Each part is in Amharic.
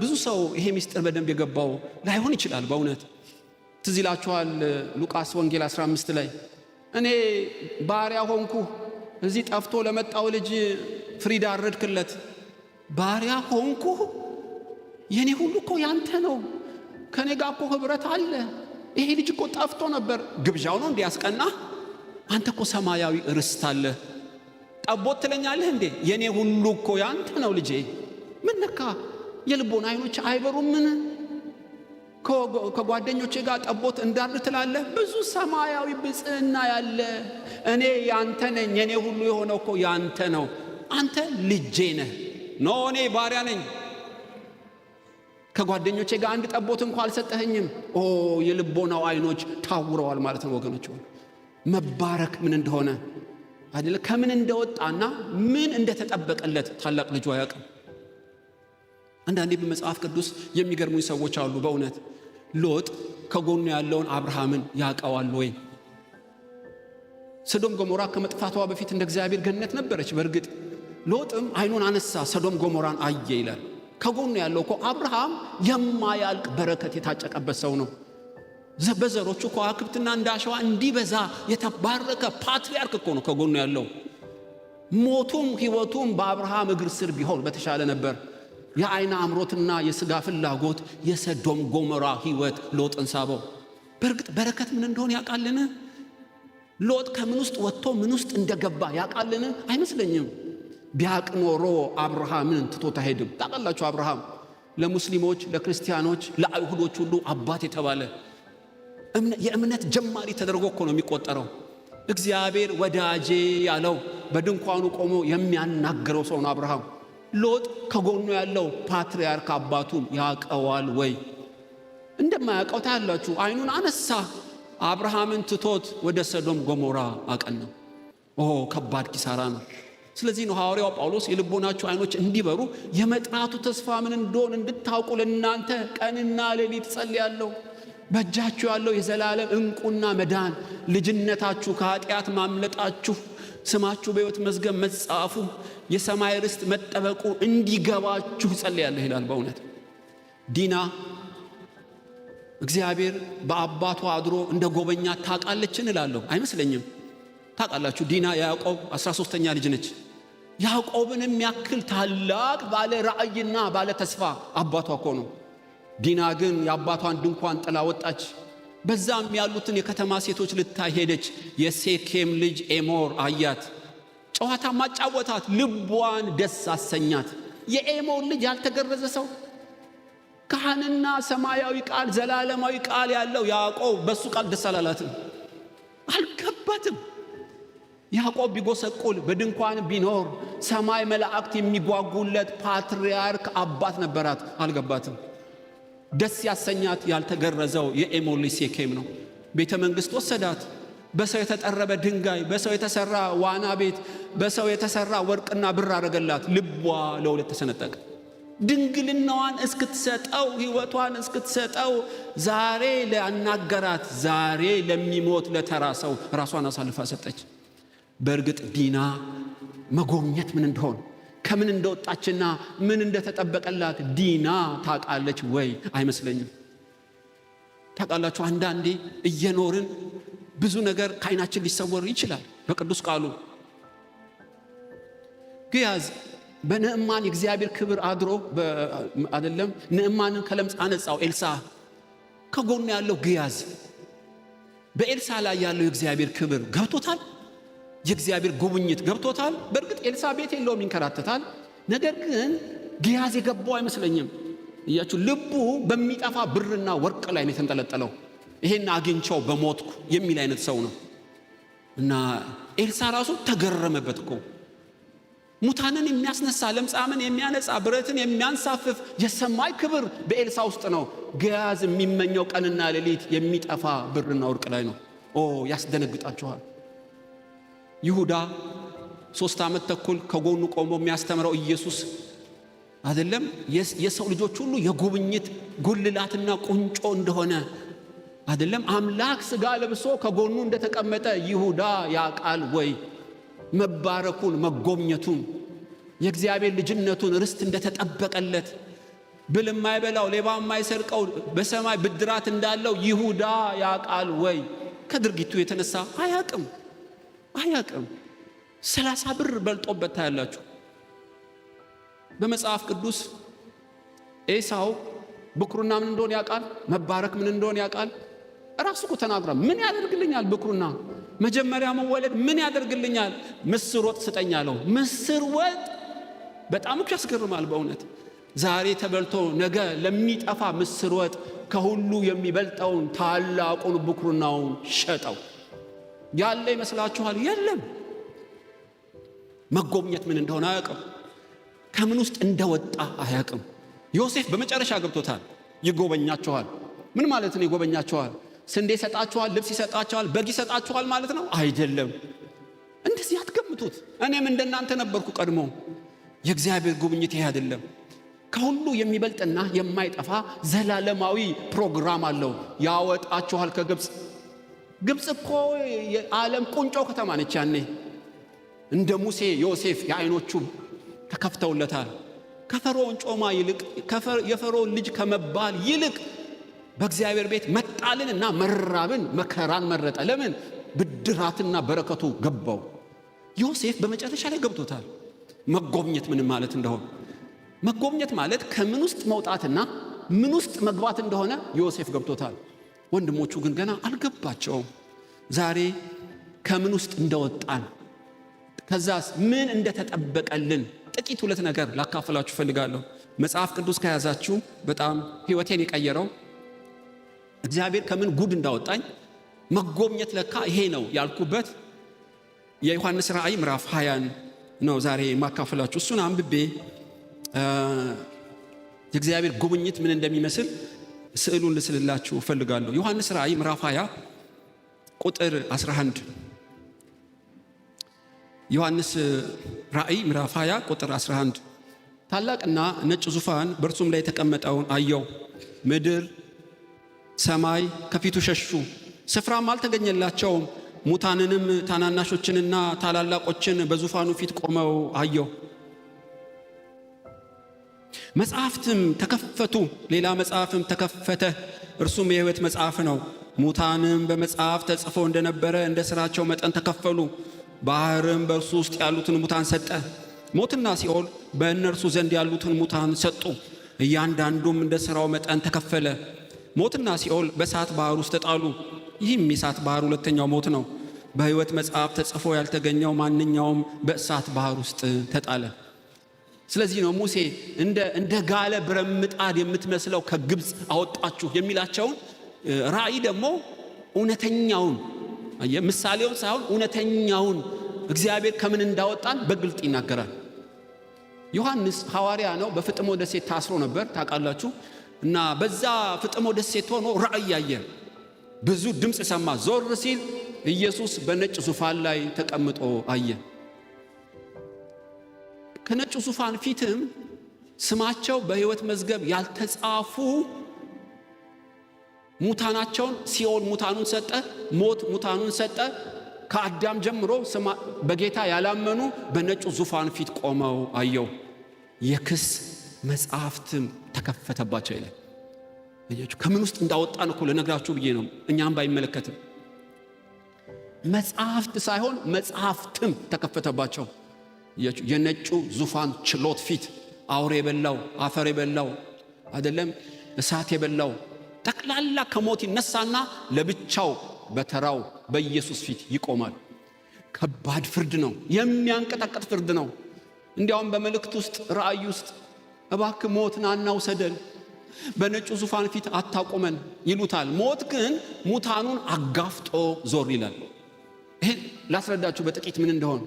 ብዙ ሰው ይሄ ሚስጥር በደንብ የገባው ላይሆን ይችላል። በእውነት ትዝ ይላችኋል ሉቃስ ወንጌል 15 ላይ እኔ ባሪያ ሆንኩ፣ እዚህ ጠፍቶ ለመጣው ልጅ ፍሪዳ አረድክለት። ባሪያ ሆንኩ፣ የኔ ሁሉ እኮ ያንተ ነው፣ ከኔ ጋር እኮ ህብረት አለ። ይሄ ልጅ እኮ ጠፍቶ ነበር፣ ግብዣው ነው እንዲያስቀና። አንተ እኮ ሰማያዊ ርስት አለ። ጠቦት ትለኛለህ እንዴ? የኔ ሁሉ እኮ ያንተ ነው ልጄ። ምን ነካ የልቦና አይኖች አይበሩምን? ከጓደኞቼ ጋር ጠቦት እንዳድር ትላለህ። ብዙ ሰማያዊ ብጽዕና ያለ እኔ ያንተ ነኝ፣ እኔ ሁሉ የሆነው እኮ ያንተ ነው። አንተ ልጄ ነህ። ኖ እኔ ባሪያ ነኝ። ከጓደኞቼ ጋር አንድ ጠቦት እንኳ አልሰጠኸኝም። ኦ የልቦናው አይኖች ታውረዋል ማለት ነው ወገኖች። መባረክ ምን እንደሆነ አይደለ ከምን እንደወጣና ምን እንደተጠበቀለት ታላቅ ልጁ አያውቅም። አንዳንዴ በመጽሐፍ ቅዱስ የሚገርሙኝ ሰዎች አሉ። በእውነት ሎጥ ከጎኑ ያለውን አብርሃምን ያቀዋል ወይ? ሰዶም ጎሞራ ከመጥፋቷ በፊት እንደ እግዚአብሔር ገነት ነበረች። በእርግጥ ሎጥም አይኑን አነሳ፣ ሰዶም ጎሞራን አየ ይላል። ከጎኑ ያለው እኮ አብርሃም የማያልቅ በረከት የታጨቀበት ሰው ነው። በዘሮቹ ከዋክብትና እንደ አሸዋ እንዲበዛ የተባረከ ፓትሪያርክ እኮ ነው ከጎኑ ያለው። ሞቱም ሕይወቱም በአብርሃም እግር ስር ቢሆን በተሻለ ነበር። የአይን አምሮትና የስጋ ፍላጎት የሰዶም ጎሞራ ህይወት ሎጥን ሳበው። በእርግጥ በረከት ምን እንደሆነ ያውቃልን? ሎጥ ከምን ውስጥ ወጥቶ ምን ውስጥ እንደገባ ያውቃልን? አይመስለኝም። ቢያቅ ኖሮ አብርሃምን ትቶት አይሄድም። ታውቃላችሁ አብርሃም ለሙስሊሞች፣ ለክርስቲያኖች፣ ለአይሁዶች ሁሉ አባት የተባለ የእምነት ጀማሪ ተደርጎ እኮ ነው የሚቆጠረው። እግዚአብሔር ወዳጄ ያለው በድንኳኑ ቆሞ የሚያናግረው ሰው ነው አብርሃም። ሎጥ ከጎኑ ያለው ፓትርያርክ አባቱን ያቀዋል ወይ? እንደማያውቀው ታያላችሁ። አይኑን አነሳ፣ አብርሃምን ትቶት ወደ ሰዶም ገሞራ አቀነው። ኦ ከባድ ኪሳራ ነው። ስለዚህ ነው ሐዋርያው ጳውሎስ የልቦናችሁ አይኖች እንዲበሩ የመጥናቱ ተስፋ ምን እንደሆን እንድታውቁ ለእናንተ ቀንና ሌሊት ጸልያለሁ። በእጃችሁ ያለው የዘላለም እንቁና መዳን ልጅነታችሁ ከኃጢአት ማምለጣችሁ ስማችሁ በሕይወት መዝገብ መጻፉ የሰማይ ርስት መጠበቁ እንዲገባችሁ ጸልያለሁ ይላል። በእውነት ዲና እግዚአብሔር በአባቷ አድሮ እንደ ጎበኛ ታውቃለች እንላለሁ። አይመስለኝም። ታውቃላችሁ ዲና የያዕቆብ 13ተኛ ልጅ ነች። ያዕቆብንም ያክል ታላቅ ባለ ራእይና ባለ ተስፋ አባቷ እኮ ነው። ዲና ግን የአባቷን ድንኳን ጥላ ወጣች። በዛም ያሉትን የከተማ ሴቶች ልታይ ሄደች። የሴኬም ልጅ ኤሞር አያት፣ ጨዋታ ማጫወታት፣ ልቧን ደስ አሰኛት። የኤሞር ልጅ ያልተገረዘ ሰው ካህንና ሰማያዊ ቃል ዘላለማዊ ቃል ያለው ያዕቆብ በሱ ቃል ደስ አላላትም፣ አልገባትም። ያዕቆብ ቢጎሰቁል በድንኳን ቢኖር ሰማይ መላእክት የሚጓጉለት ፓትርያርክ አባት ነበራት፣ አልገባትም። ደስ ያሰኛት ያልተገረዘው የኤሞሊስ ሴኬም ነው። ቤተ መንግሥት ወሰዳት። በሰው የተጠረበ ድንጋይ፣ በሰው የተሰራ ዋና ቤት፣ በሰው የተሰራ ወርቅና ብር አረገላት። ልቧ ለሁለት ተሰነጠቀ። ድንግልናዋን እስክትሰጠው ሕይወቷን እስክትሰጠው ዛሬ ለአናገራት ዛሬ ለሚሞት ለተራ ሰው ራሷን አሳልፋ ሰጠች። በእርግጥ ዲና መጎብኘት ምን እንደሆን ከምን እንደወጣችና ምን እንደተጠበቀላት ዲና ታውቃለች ወይ? አይመስለኝም። ታቃላችሁ፣ አንዳንዴ እየኖርን ብዙ ነገር ከአይናችን ሊሰወር ይችላል። በቅዱስ ቃሉ ግያዝ በንዕማን የእግዚአብሔር ክብር አድሮ አይደለም? ንዕማንን ከለምጽ አነጻው ኤልሳ ከጎኑ ያለው ግያዝ በኤልሳ ላይ ያለው የእግዚአብሔር ክብር ገብቶታል። የእግዚአብሔር ጉብኝት ገብቶታል። በእርግጥ ኤልሳቤት የለውም ይንከራተታል። ነገር ግን ግያዝ የገባው አይመስለኝም። እያችሁ ልቡ በሚጠፋ ብርና ወርቅ ላይ ነው የተንጠለጠለው። ይሄን አግኝቸው በሞትኩ የሚል አይነት ሰው ነው እና ኤልሳ ራሱ ተገረመበት እኮ ሙታንን የሚያስነሳ ለምጻምን የሚያነጻ ብረትን የሚያንሳፍፍ የሰማይ ክብር በኤልሳ ውስጥ ነው። ግያዝ የሚመኘው ቀንና ሌሊት የሚጠፋ ብርና ወርቅ ላይ ነው። ኦ ያስደነግጣችኋል። ይሁዳ ሶስት ዓመት ተኩል ከጎኑ ቆሞ የሚያስተምረው ኢየሱስ አይደለም። የሰው ልጆች ሁሉ የጉብኝት ጉልላትና ቁንጮ እንደሆነ አይደለም። አምላክ ስጋ ለብሶ ከጎኑ እንደተቀመጠ ይሁዳ ያቃል ወይ? መባረኩን፣ መጎብኘቱን፣ የእግዚአብሔር ልጅነቱን ርስት እንደተጠበቀለት ብል የማይበላው ሌባ የማይሰርቀው በሰማይ ብድራት እንዳለው ይሁዳ ያቃል ወይ? ከድርጊቱ የተነሳ አያቅም። አያቅም። ሰላሳ ብር በልጦበት ታያላችሁ። በመጽሐፍ ቅዱስ ኤሳው ብኩርና ምን እንደሆን ያውቃል። መባረክ ምን እንደሆን ያውቃል። ራሱ እኮ ተናግሯል። ምን ያደርግልኛል ብኩርና፣ መጀመሪያ መወለድ ምን ያደርግልኛል? ምስር ወጥ ስጠኝ አለው። ምስር ወጥ በጣም እኮ ያስገርማል በእውነት ዛሬ ተበልቶ ነገ ለሚጠፋ ምስር ወጥ ከሁሉ የሚበልጠውን ታላቁን ብኩርናውን ሸጠው። ያለ ይመስላችኋል? የለም። መጎብኘት ምን እንደሆነ አያውቅም። ከምን ውስጥ እንደወጣ አያውቅም። ዮሴፍ በመጨረሻ ገብቶታል። ይጎበኛችኋል። ምን ማለት ነው ይጎበኛችኋል? ስንዴ ይሰጣችኋል፣ ልብስ ይሰጣችኋል፣ በግ ይሰጣችኋል ማለት ነው አይደለም። እንደዚህ አትገምቱት። እኔም እንደናንተ ነበርኩ ቀድሞ። የእግዚአብሔር ጉብኝት ይሄ አይደለም። ከሁሉ የሚበልጥና የማይጠፋ ዘላለማዊ ፕሮግራም አለው። ያወጣችኋል ከግብፅ ግብፅ እኮ የዓለም ቁንጮ ከተማ ነች። ያኔ እንደ ሙሴ ዮሴፍ የአይኖቹ ተከፍተውለታል። ከፈርዖን ጮማ ይልቅ የፈርዖን ልጅ ከመባል ይልቅ በእግዚአብሔር ቤት መጣልን እና መራብን መከራን መረጠ። ለምን? ብድራትና በረከቱ ገባው። ዮሴፍ በመጨረሻ ላይ ገብቶታል መጎብኘት ምን ማለት እንደሆነ። መጎብኘት ማለት ከምን ውስጥ መውጣትና ምን ውስጥ መግባት እንደሆነ ዮሴፍ ገብቶታል። ወንድሞቹ ግን ገና አልገባቸውም። ዛሬ ከምን ውስጥ እንደወጣን ከዛስ ምን እንደተጠበቀልን ጥቂት ሁለት ነገር ላካፍላችሁ ፈልጋለሁ። መጽሐፍ ቅዱስ ከያዛችሁ በጣም ሕይወቴን የቀየረው እግዚአብሔር ከምን ጉድ እንዳወጣኝ መጎብኘት ለካ ይሄ ነው ያልኩበት የዮሐንስ ራእይ ምዕራፍ ሀያን ነው ዛሬ ማካፈላችሁ። እሱን አንብቤ የእግዚአብሔር ጉብኝት ምን እንደሚመስል ስዕሉን ልስልላችሁ እፈልጋለሁ። ዮሐንስ ራእይ ምዕራፍ 20 ቁጥር 11 ዮሐንስ ራእይ ምዕራፍ 20 ቁጥር 11 ታላቅና ነጭ ዙፋን በእርሱም ላይ የተቀመጠውን አየው። ምድር ሰማይ ከፊቱ ሸሹ፣ ስፍራም አልተገኘላቸውም። ሙታንንም ታናናሾችንና ታላላቆችን በዙፋኑ ፊት ቆመው አየው። መጽሐፍትም ተከፈቱ፣ ሌላ መጽሐፍም ተከፈተ፣ እርሱም የህይወት መጽሐፍ ነው። ሙታንም በመጽሐፍ ተጽፎ እንደነበረ እንደ ሥራቸው መጠን ተከፈሉ። ባህርም በእርሱ ውስጥ ያሉትን ሙታን ሰጠ፣ ሞትና ሲኦል በእነርሱ ዘንድ ያሉትን ሙታን ሰጡ። እያንዳንዱም እንደ ሥራው መጠን ተከፈለ። ሞትና ሲኦል በእሳት ባህር ውስጥ ተጣሉ። ይህም የእሳት ባህር ሁለተኛው ሞት ነው። በህይወት መጽሐፍ ተጽፎ ያልተገኘው ማንኛውም በእሳት ባህር ውስጥ ተጣለ። ስለዚህ ነው ሙሴ እንደ ጋለ ብረት ምጣድ የምትመስለው ከግብፅ አወጣችሁ የሚላቸውን ራእይ ደግሞ እውነተኛውን ምሳሌውን ሳይሆን እውነተኛውን እግዚአብሔር ከምን እንዳወጣን በግልጥ ይናገራል። ዮሐንስ ሐዋርያ ነው። በፍጥሞ ደሴት ታስሮ ነበር ታውቃላችሁ። እና በዛ ፍጥሞ ደሴት ሆኖ ራእይ ያየ፣ ብዙ ድምፅ ሰማ። ዞር ሲል ኢየሱስ በነጭ ዙፋን ላይ ተቀምጦ አየ። ከነጩ ዙፋን ፊትም ስማቸው በሕይወት መዝገብ ያልተጻፉ ሙታናቸውን ሲኦል ሙታኑን ሰጠ፣ ሞት ሙታኑን ሰጠ። ከአዳም ጀምሮ በጌታ ያላመኑ በነጩ ዙፋን ፊት ቆመው አየው። የክስ መጽሐፍትም ተከፈተባቸው ይላል። ከምን ውስጥ እንዳወጣ ነው ለነግራችሁ ብዬ ነው። እኛም ባይመለከትም መጽሐፍት ሳይሆን መጽሐፍትም ተከፈተባቸው። የነጩ ዙፋን ችሎት ፊት አውሬ የበላው አፈር የበላው አይደለም እሳት የበላው ጠቅላላ ከሞት ይነሳና ለብቻው በተራው በኢየሱስ ፊት ይቆማል። ከባድ ፍርድ ነው። የሚያንቀጣቀጥ ፍርድ ነው። እንዲያውም በመልእክት ውስጥ ራእይ ውስጥ እባክ ሞት አናውሰደን በነጩ ዙፋን ፊት አታቆመን ይሉታል። ሞት ግን ሙታኑን አጋፍጦ ዞር ይላል። ይህን ላስረዳችሁ በጥቂት ምን እንደሆነ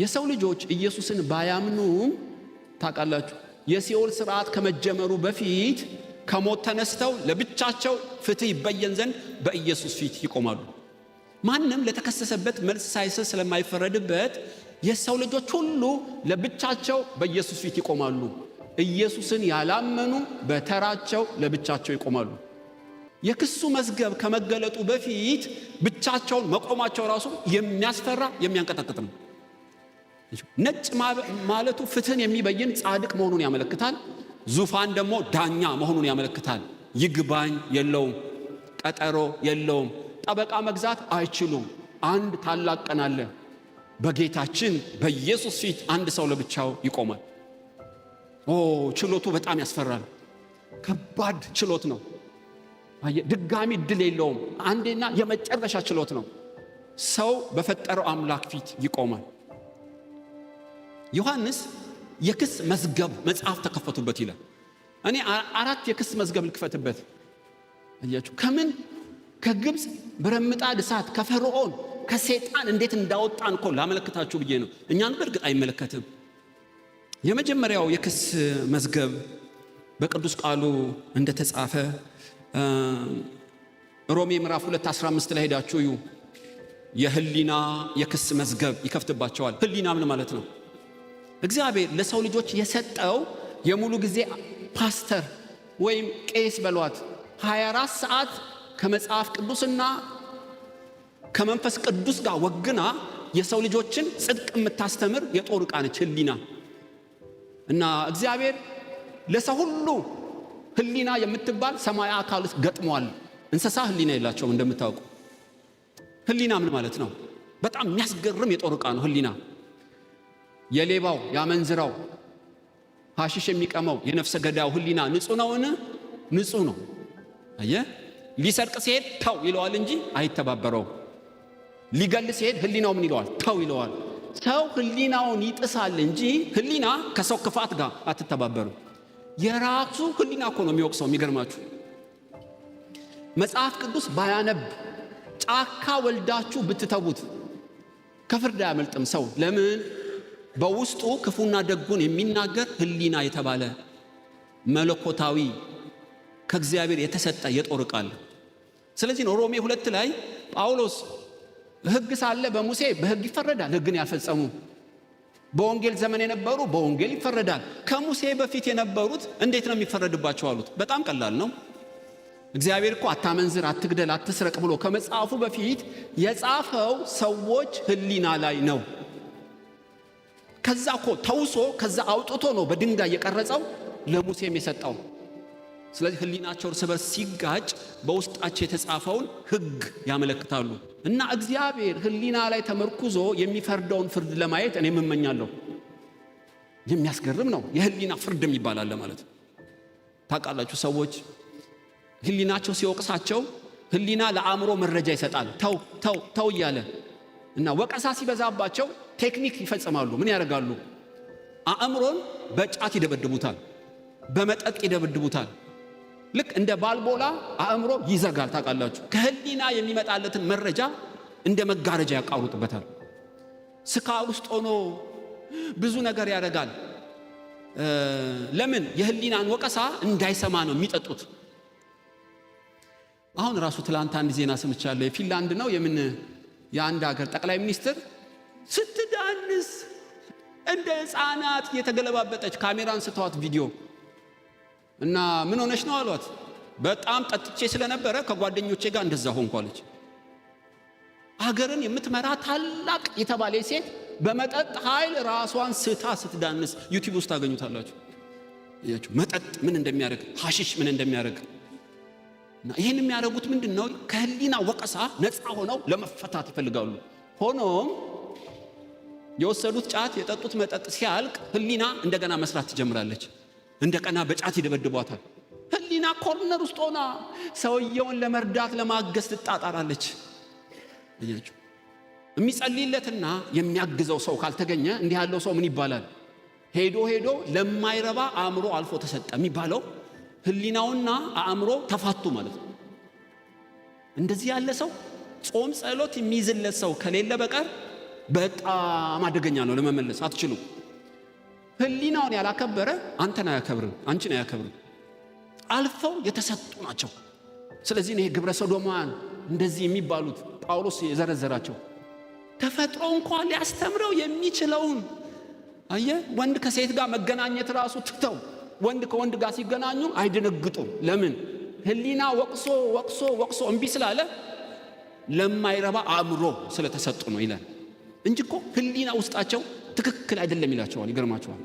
የሰው ልጆች ኢየሱስን ባያምኑም ታውቃላችሁ፣ የሲኦል ስርዓት ከመጀመሩ በፊት ከሞት ተነስተው ለብቻቸው ፍትህ ይበየን ዘንድ በኢየሱስ ፊት ይቆማሉ። ማንም ለተከሰሰበት መልስ ሳይሰጥ ስለማይፈረድበት የሰው ልጆች ሁሉ ለብቻቸው በኢየሱስ ፊት ይቆማሉ። ኢየሱስን ያላመኑ በተራቸው ለብቻቸው ይቆማሉ። የክሱ መዝገብ ከመገለጡ በፊት ብቻቸውን መቆማቸው ራሱ የሚያስፈራ የሚያንቀጠቅጥ ነው። ነጭ ማለቱ ፍትህን የሚበይን ጻድቅ መሆኑን ያመለክታል። ዙፋን ደግሞ ዳኛ መሆኑን ያመለክታል። ይግባኝ የለውም፣ ቀጠሮ የለውም፣ ጠበቃ መግዛት አይችሉም። አንድ ታላቅ ቀን አለ። በጌታችን በኢየሱስ ፊት አንድ ሰው ለብቻው ይቆማል። ኦ ችሎቱ በጣም ያስፈራል። ከባድ ችሎት ነው። ድጋሚ እድል የለውም። አንዴና የመጨረሻ ችሎት ነው። ሰው በፈጠረው አምላክ ፊት ይቆማል። ዮሐንስ የክስ መዝገብ መጽሐፍ ተከፈቱበት ይላል። እኔ አራት የክስ መዝገብ ልክፈትበት። እያችሁ ከምን ከግብፅ በረምጣድ እሳት ከፈርዖን ከሴጣን እንዴት እንዳወጣን እኮ ላመለክታችሁ ብዬ ነው። እኛን በእርግጥ አይመለከትም። የመጀመሪያው የክስ መዝገብ በቅዱስ ቃሉ እንደተጻፈ ሮሜ ምዕራፍ 2 15 ላይ ሄዳችሁ ዩ የህሊና የክስ መዝገብ ይከፍትባቸዋል። ህሊና ምን ማለት ነው? እግዚአብሔር ለሰው ልጆች የሰጠው የሙሉ ጊዜ ፓስተር ወይም ቄስ በሏት 24 ሰዓት ከመጽሐፍ ቅዱስና ከመንፈስ ቅዱስ ጋር ወግና የሰው ልጆችን ጽድቅ የምታስተምር የጦር ዕቃ ነች ህሊና። እና እግዚአብሔር ለሰው ሁሉ ህሊና የምትባል ሰማያዊ አካል ገጥሟል። እንስሳ ህሊና የላቸውም እንደምታውቁ። ህሊና ምን ማለት ነው? በጣም የሚያስገርም የጦር ዕቃ ነው ህሊና። የሌባው ያመንዝራው ሐሽሽ የሚቀመው የነፍሰ ገዳው ህሊና ንጹህ ነውን? ንጹህ ነው። አየ ሊሰርቅ ሲሄድ ተው ይለዋል እንጂ አይተባበረው ሊገል ሲሄድ ህሊናው ምን ይለዋል? ተው ይለዋል። ሰው ህሊናውን ይጥሳል እንጂ ህሊና ከሰው ክፋት ጋር አትተባበሩ። የራሱ ህሊና እኮ ነው የሚወቅሰው። የሚገርማችሁ መጽሐፍ ቅዱስ ባያነብ ጫካ ወልዳችሁ ብትተዉት ከፍርድ አያመልጥም ሰው ለምን በውስጡ ክፉና ደጉን የሚናገር ህሊና የተባለ መለኮታዊ ከእግዚአብሔር የተሰጠ የጦር ቃል። ስለዚህ ነው ሮሜ ሁለት ላይ ጳውሎስ ህግ ሳለ በሙሴ በህግ ይፈረዳል፣ ህግን ያልፈጸሙ በወንጌል ዘመን የነበሩ በወንጌል ይፈረዳል። ከሙሴ በፊት የነበሩት እንዴት ነው የሚፈረድባቸው አሉት። በጣም ቀላል ነው። እግዚአብሔር እኮ አታመንዝር፣ አትግደል፣ አትስረቅ ብሎ ከመጽሐፉ በፊት የጻፈው ሰዎች ህሊና ላይ ነው። ከዛ እኮ ተውሶ ከዛ አውጥቶ ነው በድንጋይ የቀረጸው ለሙሴም የሰጠው። ስለዚህ ህሊናቸው እርስ በርስ ሲጋጭ በውስጣቸው የተጻፈውን ህግ ያመለክታሉ። እና እግዚአብሔር ህሊና ላይ ተመርኩዞ የሚፈርደውን ፍርድ ለማየት እኔ እመኛለሁ። የሚያስገርም ነው። የህሊና ፍርድ የሚባል ማለት ታውቃላችሁ። ሰዎች ህሊናቸው ሲወቅሳቸው ህሊና ለአእምሮ መረጃ ይሰጣል። ተው ተው ተው እያለ እና ወቀሳ ሲበዛባቸው ቴክኒክ ይፈጽማሉ። ምን ያደርጋሉ? አእምሮን በጫት ይደበድቡታል፣ በመጠጥ ይደበድቡታል። ልክ እንደ ባልቦላ አእምሮ ይዘጋል። ታውቃላችሁ፣ ከህሊና የሚመጣለትን መረጃ እንደ መጋረጃ ያቃሩጥበታል። ስካር ውስጥ ሆኖ ብዙ ነገር ያደርጋል። ለምን? የህሊናን ወቀሳ እንዳይሰማ ነው የሚጠጡት። አሁን ራሱ ትላንት አንድ ዜና ሰምቻለሁ። የፊንላንድ ነው የምን የአንድ ሀገር ጠቅላይ ሚኒስትር ስትዳንስ እንደ ህፃናት እየተገለባበጠች ካሜራ አንስተዋት ቪዲዮ እና ምን ሆነች ነው አሏት። በጣም ጠጥቼ ስለነበረ ከጓደኞቼ ጋር እንደዛ ሆንኳለች። አለች። አገርን የምትመራ ታላቅ የተባለ ሴት በመጠጥ ኃይል ራሷን ስታ ስትዳንስ ዩቲዩብ ውስጥ ታገኙታላችሁ። መጠጥ ምን እንደሚያደርግ ሀሺሽ ምን እንደሚያደርግ ይህን የሚያደርጉት ምንድን ነው? ከህሊና ወቀሳ ነፃ ሆነው ለመፈታት ይፈልጋሉ። ሆኖም የወሰዱት ጫት የጠጡት መጠጥ ሲያልቅ ህሊና እንደገና መስራት ትጀምራለች። እንደገና በጫት ይደበድቧታል። ህሊና ኮርነር ውስጥ ሆና ሰውየውን ለመርዳት ለማገዝ ትጣጣራለች። እያችሁ የሚጸልይለትና የሚያግዘው ሰው ካልተገኘ እንዲህ ያለው ሰው ምን ይባላል? ሄዶ ሄዶ ለማይረባ አእምሮ አልፎ ተሰጠ የሚባለው ህሊናውና አእምሮ ተፋቱ ማለት ነው። እንደዚህ ያለ ሰው ጾም ጸሎት የሚይዝለት ሰው ከሌለ በቀር በጣም አደገኛ ነው። ለመመለስ አትችሉም። ህሊናውን ያላከበረ አንተን አያከብርም፣ አንቺን አያከብርም። አልፈው የተሰጡ ናቸው። ስለዚህ ነው ግብረ ሰዶማውያን እንደዚህ የሚባሉት ጳውሎስ የዘረዘራቸው። ተፈጥሮ እንኳን ሊያስተምረው የሚችለውን አየ ወንድ ከሴት ጋር መገናኘት ራሱ ትተው ወንድ ከወንድ ጋር ሲገናኙ አይደነግጡም። ለምን? ህሊና ወቅሶ ወቅሶ ወቅሶ እምቢ ስላለ ለማይረባ አእምሮ ስለተሰጡ ነው ይላል እንጂ እኮ ህሊና ውስጣቸው ትክክል አይደለም ይላቸዋል። ይገርማቸዋል።